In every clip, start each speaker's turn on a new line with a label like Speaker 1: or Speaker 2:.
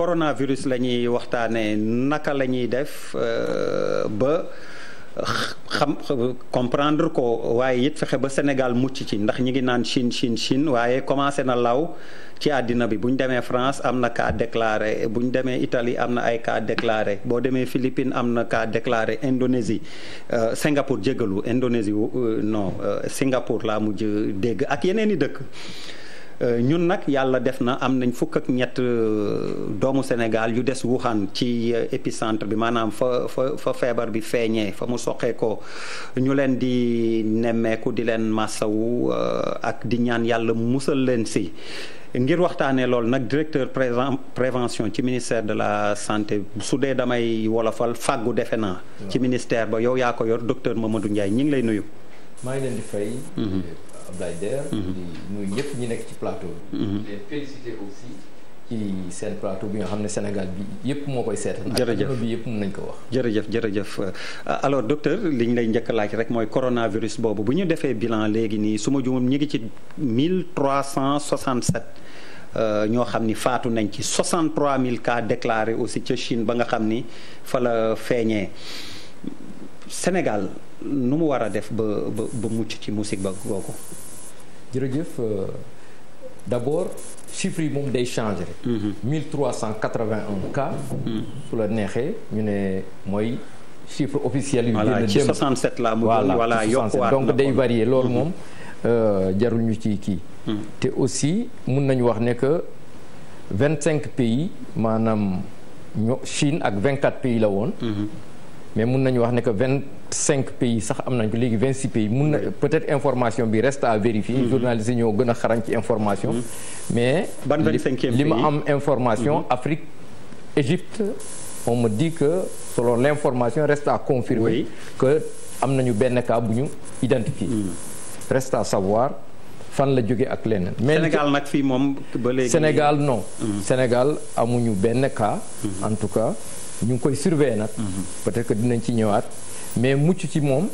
Speaker 1: coronavirus la ñuy waxtaanee naka la ñuy def euh, ba xam comprendre ko waaye it fexe ba Sénégal mucc ci ndax ñi ngi naan Chine Chine Chine waaye commencé na law ci àddina bi bu ñu demee France am na cas déclaré bu ñu demee Italie am na ay cas déclaré boo demee Philippines am na cas déclaré Indonésie euh, Singapour jégalu Indonésie euh, non Singapour laa mujj dégg ak yeneen i dëkk. Euh, ñun nag yàlla def na am nañ fukk ak ñett euh, doomu Sénégal yu des Wuhan ci euh, épicentre bi maanaam fa fa fa feebar bi feeñee fa mu soqee ko ñu leen di nemmeeku di leen massawu ak di ñaan yàlla musal leen si ngir waxtaanee loolu nag directeur prévention ci ministère de la santé su dee damay wolofal fàggu defe naa. ci ministère ba yow yaa ko yor docteur Mamadou Ndiaye ñi ngi lay nuyu.
Speaker 2: Abdoulaye Der mhm. ñëpp ñi nekk ci plateau bi mhm. les nga xam ne Sénégal bi yëpp moo koy seetaan jërëjëf bi yëpp mën nañ ko wax
Speaker 1: jërëjëf jërëjëf euh, alors docteur li ñu lay njëkk laaj rek mooy coronavirus boobu bu ñu defee bilan léegi nii su ma juumul ñu ngi ci 1367 euh, ñoo xam ni faatu nañ ci mille cas déclarés aussi ca Chine ba nga xam ni fala feeñee Sénégal nu mu war a def ba ba mucc ci musique ba googu.
Speaker 2: jërëjëf euh, d'abord chiffres yi moom day changer. 1381 mhm. cas. Mhm. su la neexee ñu ne mooy chiffre officiel yu génn dem ci 67
Speaker 1: la mu voilà yokkuwaat donc day varier loolu mhm. moom
Speaker 2: euh, jarul ñu ci kii. te aussi mun nañu wax ne que 25 pays maanaam ño Chine ak 24 pays la woon. mais mun nañu wax ne cinq pays sax am nañ ko léegi vingt six pays mun na peut-être information bi resta à vérifier. Mm-hmm. journalistes ñoo gën a xarañ ci information. Mm-hmm. mais ban vingt cinquième li ma am information mm-hmm. Afrique Égypte on me dit que selon l'information reste à confirmer. que am nañu benn cas bu ñu identifié. reste à savoir fan la jóge ak lenn mais Sénégal nag fii moom ba Sénégal non. Sénégal amuñu benn cas. en tout cas ñu ngi koy surveiller nag. peut-être que dinañ ci ñëwaat. mais mucc ci moom.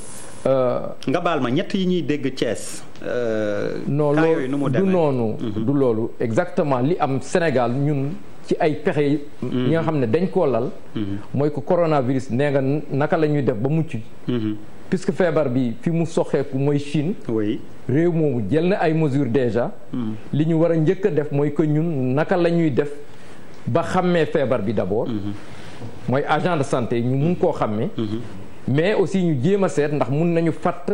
Speaker 2: Euh, nga baal ma ñett yi ñuy dégg Thiès. Euh, non loolu du noonu. Mhm. du loolu exactement li am Sénégal ñun ci ay pexe yi. nga mhm. xam ne dañ koo lal. Mhm. mooy ko coronavirus nee nga naka la ñuy def ba mucc. puisque feebar bi fi mu soxeeku mooy Chine. oui réew moomu jël na ay mesures déjà. li ñu war a njëkk a def mooy que ñun naka la ñuy def ba xàmmee feebar bi d'abord. mooy agent de santé ñu mun koo xàmmee. mais aussi ñu jéem a seet ndax mun nañu fatt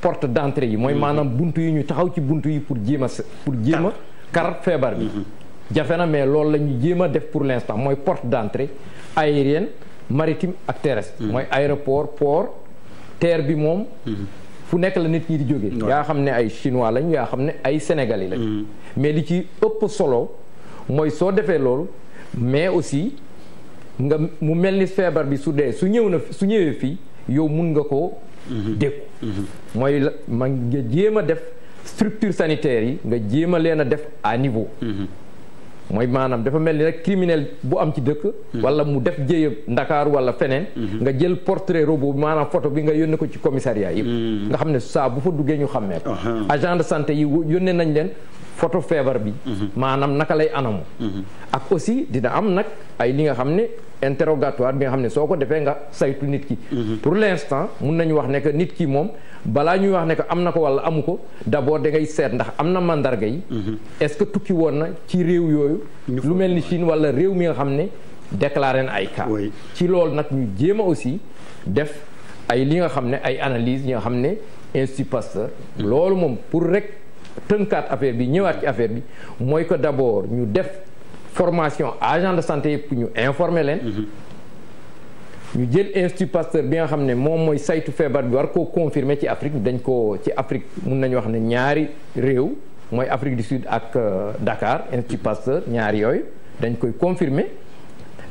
Speaker 2: porte d'entrée yi mooy mm-hmm. maanaam bunt yu ñu taxaw ci bunt yi pour jéem pour jéem a kar feebar bi mm-hmm. jafe na mais loolu la ñu jéem a def pour l'instant mooy porte d'entrée aérienne maritime ak terrestre mm-hmm. mooy aéroport port terre bi moom fu nekk la nit ñi di jógee yaa xam ne ay chinois lañ yaa xam ne ay sénégalais lañ mais li ci ëpp solo mooy soo defee loolu mais aussi nga mu mel ni feebar bi su dee su ñëw na su ñëwee fii yow mun nga koo mhm. dékku mhm. mooy la ma nga jéem a def structure sanitaire yi nga jéem a leen a def à niveau mhm. mooy maanaam dafa mel ni rek criminel bu am ci dëkk wala mu def jéye Ndakaaru wala feneen nga jël portrait robot maanaam photo bi nga yónnee ko ci commissariat yi nga xam ne saa bu fa duggee ñu xàmmee ko agent de santé yi yónnee nañ leen photo feebar bi mhm. maanaam naka lay anamu mhm. ak aussi dina am nag ay li nga xam ne interrogatoire bi nga xam ne soo ko defee nga saytu nit ki mhm. pour l'instant mun nañu wax ne que nit ki moom balaa ñuy wax ne que am na ko walla amu ko d'abord da ngay seet ndax am na mandarga yi est-ce que tukki woon na ci réew yooyu lu mel ni Chine walla réew mi nga xam ne déclaré na ay cas ci loolu nag ñu jéem a aussi def ay li nga xam ne ay analyse yi nga xam ne Institut Pasteur loolu moom pour rek tënkaat affaire bi ñëwaat ci affaire bi mooy que d'abord ñu def formation agent de santé pour ñu informer leen mhm. ñu jël institut Pasteur bi nga xam ne moom mooy saytu feebar bi war koo confirmer ci Afrique dañ ko ci Afrique mun nañu wax ne ñaari réew mooy Afrique du Sud ak euh, Dakar institut Pasteur ñaari yooyu dañ koy confirmer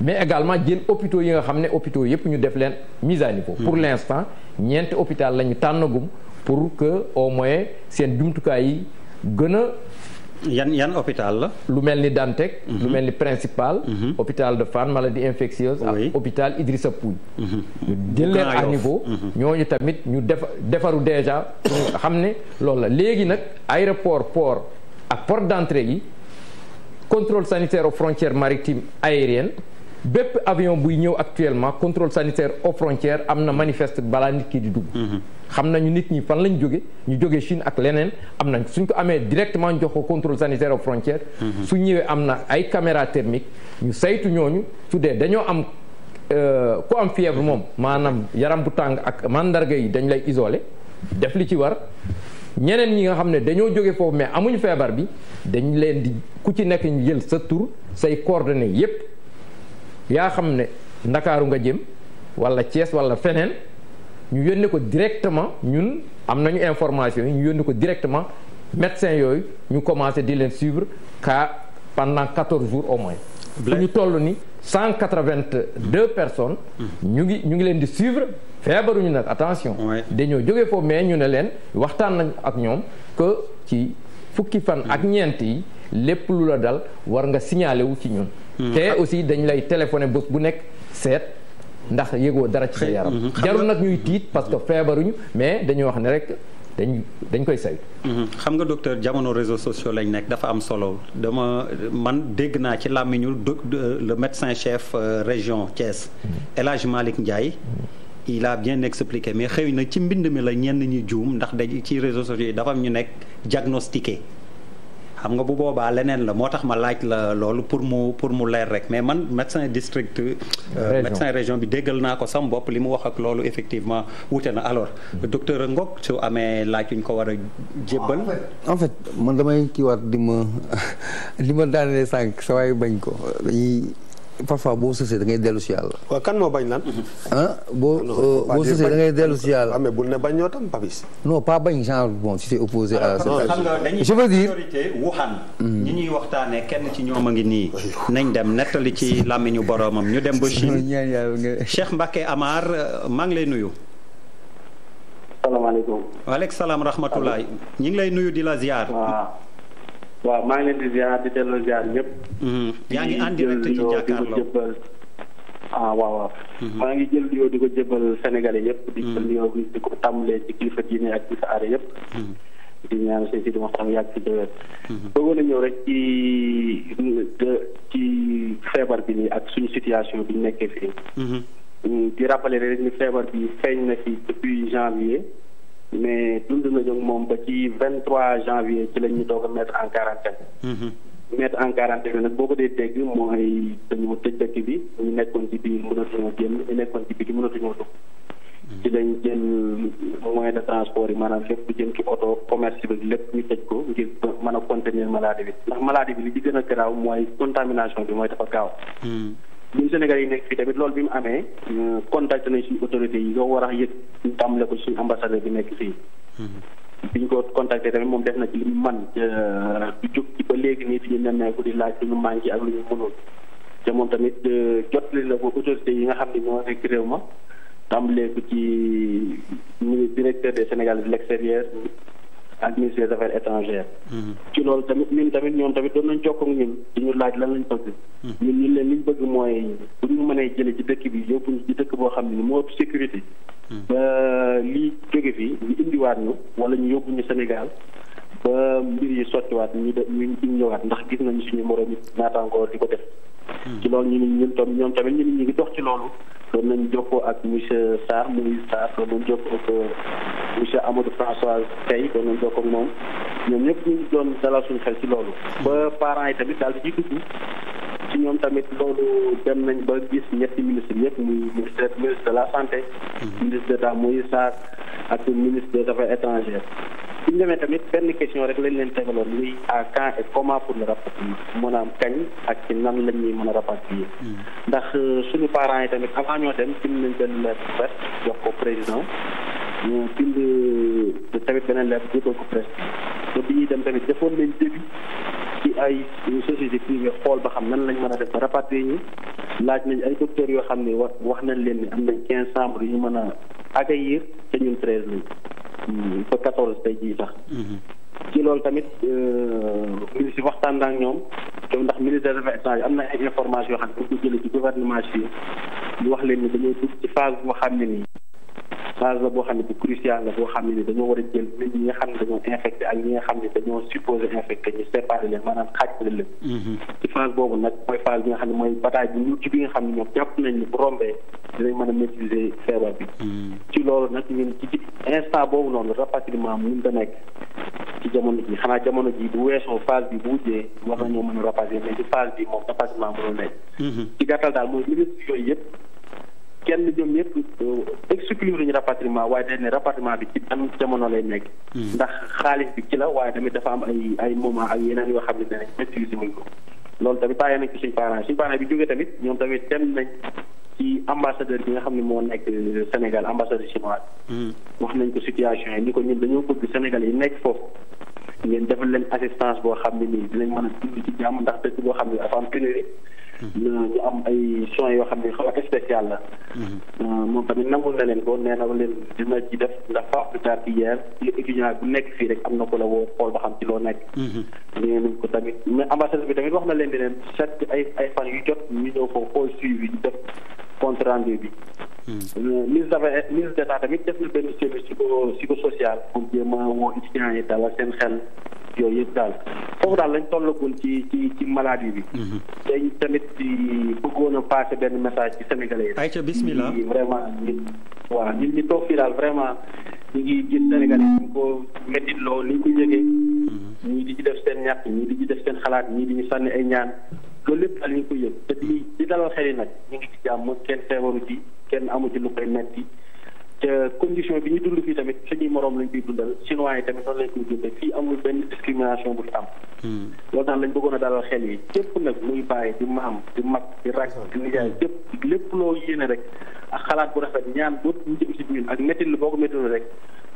Speaker 2: mais également jël hôpitaux yi nga xam ne hôpitaux yépp ñu def leen mise à niveau mhm. pour l'instant ñeenti hôpital la ñu tànnagum pour que au moins seen jumtukaay yi gën a. yan yan hôpital la. lu mel ni Dantec. lu mhm. mel ni principal. Mhm. hôpital de Fann maladie infectieuse. ak hôpital Idrissa Pouye. Mhm. ñu jël a à niveau. ñooñu tamit ñu def defaru déjà xam ne loolu la léegi nag aéroport port ak port d'entrée yi control sanitaire aux frontières maritimes aériennes. bépp avion buy ñëw actuellement contrôle sanitaire aux frontières am na manifeste balaa nit kii di dugg. Mhm. xam nañu nit ñi fan lañ jóge ñu jóge Chine ak leneen am nañ suñ ko amee directement jox ko contrôle sanitaire aux frontières. Mhm. su ñëwee am na ay caméra thermique ñu saytu ñooñu su dee dañoo am euh, ku am fièvre moom maanaam yaram bu tàng ak mandarga yi dañu lay isole def li ci war. ñeneen ñi nga xam ne dañoo jóge foofu mais amuñu feebar bi dañ leen di ku ci nekk jël sa tur say coordonnées yépp yaa xam ne ndakaaru nga jëm wala Thiès wala feneen ñu yónnee ko directement ñun am nañu information yi ñu yónnee ko directement médecin yooyu ñu commencé di leen suivre cas pendant quatorze jours au moins. bu ñu toll ni cent quatre-vingt-deux personnes. Hmm. ñu ngi ñu ngi leen di suivre feebaruñu ne attention. dañoo jóge foofu mais ñu ne leen waxtaan nañ ak ñoom que ci fukki fan ak hmm. ñeent yi lépp lu la dal war nga signalé wu ci ñun. Mhm. te aussi dañ lay téléphoné bés bu nekk seet ndax yëgoo dara ci sa yaram mhm. jarul nag ñuy tiit parce que feebaruñu mais dañuy wax ne rek dañ dañ koy say
Speaker 1: mhm. xam nga docteur jamono réseaux sociaux lañ nekk dafa am solo dama man dégg naa ci làmmiñu le médecin chef euh, région Thiès El Hadj Malick Ndiaye il a bien expliqué mais xëy na ci mbind mi la ñenn ñi juum ndax dañ ci réseaux sociaux yi dafa am ñu nekk diagnostiqué xam nga bu boobaa leneen la moo tax ma laaj la loolu pour mu pour mu leer rek mais man médecin district. Euh, région médecin région bi déggal naa ko sam bopp li mu wax ak loolu effectivement wute na alors docteur Ngok su amee laaj ñu ko war a jébbal. en fait man damay kiiwaat di ma di ma daanee sànq sa waay bañ ko dañuy. parfois boo sësee da ngay dellu si yàlla.
Speaker 3: waaw kan moo bañ lan. ah boo euh, boo sësee da ngay dellu si yàlla. Ah, mais bul ne bañ ñoo tam Papis. non pas bañ genre bon tu t'es opposé à. Ah, non xam nga dañuy
Speaker 1: Wuhan. Hmm. ñi ñuy waxtaanee kenn ci ñoom a ngi nii. nañ dem nettali ci làmmiñu boromam ñu dem ba Chine. Cheikh Mbacké Amar euh, maa ngi lay nuyu. salaamaaleykum. waaleykum salaam rahmatulah. ñu ngi lay nuyu di la ziar.
Speaker 3: waaw maa ngi leen di ziar di maa ngi jël nuyoo di ko jébal Sénégalais yëpp. Mhm. di jël nuyoo di ko tàmbalee ci kilifa diine ak ci sa aada yëpp. Mhm. di ñaan seen si di waxtaan yàgg si déwén. Mhm. bëggoon na ñëw rek ci feebar bi nii ak suñu situation bi ñu nekkee fii. Mm, di rappeler rek ni feebar bi feeñ na fi depuis janvier. mais dund na ak moom ba ci vingt trois janvier ci la ñu doog a mettre en quarantaine mhm. mettre en quarantaine nag boo ko dee dégg mooy dañoo tëj dëkk bi ñu nekkoon ci biir mënatuñoo génn ñu nekkoon ci biir mënatuñoo dugg mhm. ci lañ jël moyen de transport yi maanaam lépp lu jëm ci oto commerce bi lépp ñu tëj ko ngir man a contenir malaadi bi ndax maladie bi li ci gën a garaaw mooy contamination bi mooy dafa gaaw mhm. ñun Sénégal yi nekk fii tamit loolu bi mu amee contacté nañ suñu autorité yi nga war a yëg ñu tàmbale ko suñu ambassadeur bi nekk fii
Speaker 4: mm-hmm.
Speaker 3: biñ ko contacté tamit moom def na ci li man euh, du jóg ci ba léegi nii fi ñu nemmeeku di laaj lu ñu manqué ak lu ñu mënul te moom tamit euh, jotali la ko autorité yi nga xam ne ñoo nekk réew ma tàmbalee ko ci euh, directeur des Sénégal de l'extérieur ak ministère des affaires ci loolu tamit ñun tamit ñoom tamit doon nañ jokkoo ak ñun di ñu laaj lan lañ bëgg. ñun ñun leen li bëgg mooy bu ñu mënee jëlee ci dëkk bi yóbbuñ ci dëkk boo xam ne moo ëpp sécurité. Hmm. lii jóge fii ñu indiwaat ñu wala ñu yóbbu ñu Sénégal. ba mbir yi sottiwaat ñu de ñu ñëwaat ndax gis nañu suñu moroom it naataangoo di ko def. Hmm. ci loolu ñu ne ñun tam ñoom tamit ñu ne ñu ngi dox ci loolu. doon nañu jokkoo ak monsieur Sarr Moïse Sarr doon nañ jokkoo ak euh, monsieur Amadou François Tey doon nañ jokkoo moom ñoom ñëpp ñu doon dalal suñu xel ci loolu. ba parent yi tamit daal di dugg ci ñoom tamit loolu dem nañ ba gis ñetti ministre yëpp muy ministre ministre de la santé. Hmm. ministre d'État Moïse Sarr ak ministre des affaires étrangères. suñ demee tamit benn question rek lañ leen tegaloon muy à quand et comment pour le rapatriement maanaam kañ ak ci nan lañ ñuy mën a rapatrier ndax euh, suñu parents yi tamit avant ñoo dem bind nañ benn lettre presse jox ko président ñu bind euh, tamit beneen lettre jébbal ko presse bi bi ñuy dem tamit defoon nañ début ci ay euh, société privée xool ba xam nan lañ mën a def ba rapatrier ñi laaj nañ ay docteurs yoo xam ne wax wax nañ leen ni am nañ quinze chambres yu ñu mën a accueillir te ñun treize lañ ba quatorze tey jii sax. Mhm. ci loolu tamit ministre euh, yi waxtaan na ak ñoom te ndax ministre des affaires étrangères am na ay information yoo xam ne dañ ko jëlee ci gouvernement wax leen ni dañoo dugg ci phase boo xam ne nii. phase la boo xam ne bu crucial la boo xam ne ni dañoo war a jël nit ñi nga xam ne dañoo infecté ak ñi nga xam ne dañoo supposé infecté ñu séparé leen maanaam xaajale leen mhm. ci phase boobu bi nga xam ne bi ñu ci bi nga xam ne ñoom jàpp nañ ni bu rombee dinañ mën a maîtriser feebar bi mhm. ci loolu nag ñun ci instant boobu noonu rapatriement mun da nekk ci jamono ji xanaa jamono ji bu weesoo phase bi bu wujjee war nañoo mën a rapatrier moom mhm. ci gàttal daal mooy ministre yooyu yëpp kenn ñoom ñëpp euh, exclure ñu rapatriement waaye dañ ne rapatriement bi ci ban jamono lay nekk. Hmm. ndax xaalis bi ci la waaye tamit dafa am ay ay moment ak yeneen yoo xam ne ne ko loolu tamit bàyyi nañ ci suñu parents suñu bi jógee tamit ñoom tamit dem nañ ci ambassadeur bi nga xam ne moo nekk euh, Sénégal ambassadeur chinois hmm. wax nañ ko situation yi ni ko ñu dañoo bëgg Sénégal yi nekk foofu ngeen defal leen assistance boo xam ne nii dinañ man a dund ci jàmm ndax dëkk boo xam ne dafa am pénurie ñu am ay son yoo xam ne xaw a spécial la. Mhm. Euh, moom tamit nangul na leen ko nee na leen dina ci def ndax pas plus tard que hier étudiant bu nekk fii rek am na ko la woo xool ba xam ci loo nekk. Mhm. nee ko tamit mais ambassadeur bi tamit wax na leen di leen chaque ay ay fan yu jot ñu ñëw ko xool suivi def compte rendu bi. Euh, ministre d'affaires euh, ministre d'État tamit def na benn service psycho psychosocial pour jéem a woo étudiants yi dalal seen xel yëpp daal foofu daal lañ tollagul ci ci ci maladie bi. te mhm. tamit bëggoon a passé benn message ci sénégalais yi. ayca bismillah vraiment ñun waaw ñun ñu toog fii daal vraiment ñu ngi gis sénégalais ko métti loo liñ ñu ko yëgee. Mhm. ñii di ci def seen ñàkk ñii di ci def seen xalaat ñii di ñu sànni ay ñaan. loolu lépp daal ñu ngi koy yëg di di dalal yi nag ñu ngi ci jàmm kenn feebaru ci kenn amu ci lu koy metti te condition bi ñu dund fii tamit suñuy moroom lañ koy dundal chinois yi tamit noonu lañ koy dundal amul benn discrimination bu fi am. Hmm. loolu tax lañ bëggoon a dalal xel yi képp nag muy bàyyi di maam di mag di rakk di nijaay hmm. képp lépp loo yéene rek xalaat bu rafet ñaan bët ñu si biir ak métti lu boo ko métti rek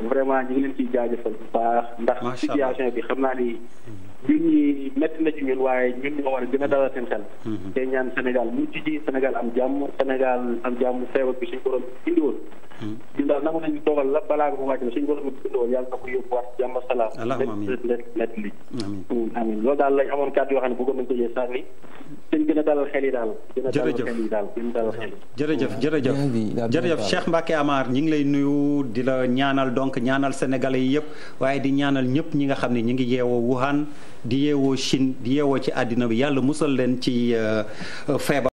Speaker 3: vraiment ñu ngi leen ciy jaajëfal bu baax. ndax situation bi xam naa ni. Hmm. ñun ñi métti na ci ñun waaye ñun ñoo war a gën a dalal seen xel. te ñaan Sénégal mu ji Sénégal am jàmm Sénégal am jàmm feebar bi suñu borom indiwoon. ñun daal nangu nañu dogal la balaa nga ko wàcc suñu borom dogal yàlla na ko yóbbuwaat jàmm salaam. amiin mm, amiin loolu daal lañ amoon kàddu yoo xam ne bëggoon nañu ko yee a dalal xel yi daal. jërëjëf a jërëjëf mm.
Speaker 1: jërëjëf jërëjëf Cheikh ñi ngi lay nuyu di la ñaanal donc ñaanal sénégalais yi yëpp waaye di ñaanal ñëpp ñi nga xam ne ñi ngi yeewoo Wuhan di yeewoo Chine di yeewoo ci àddina bi yàlla musal leen ci euh, feebar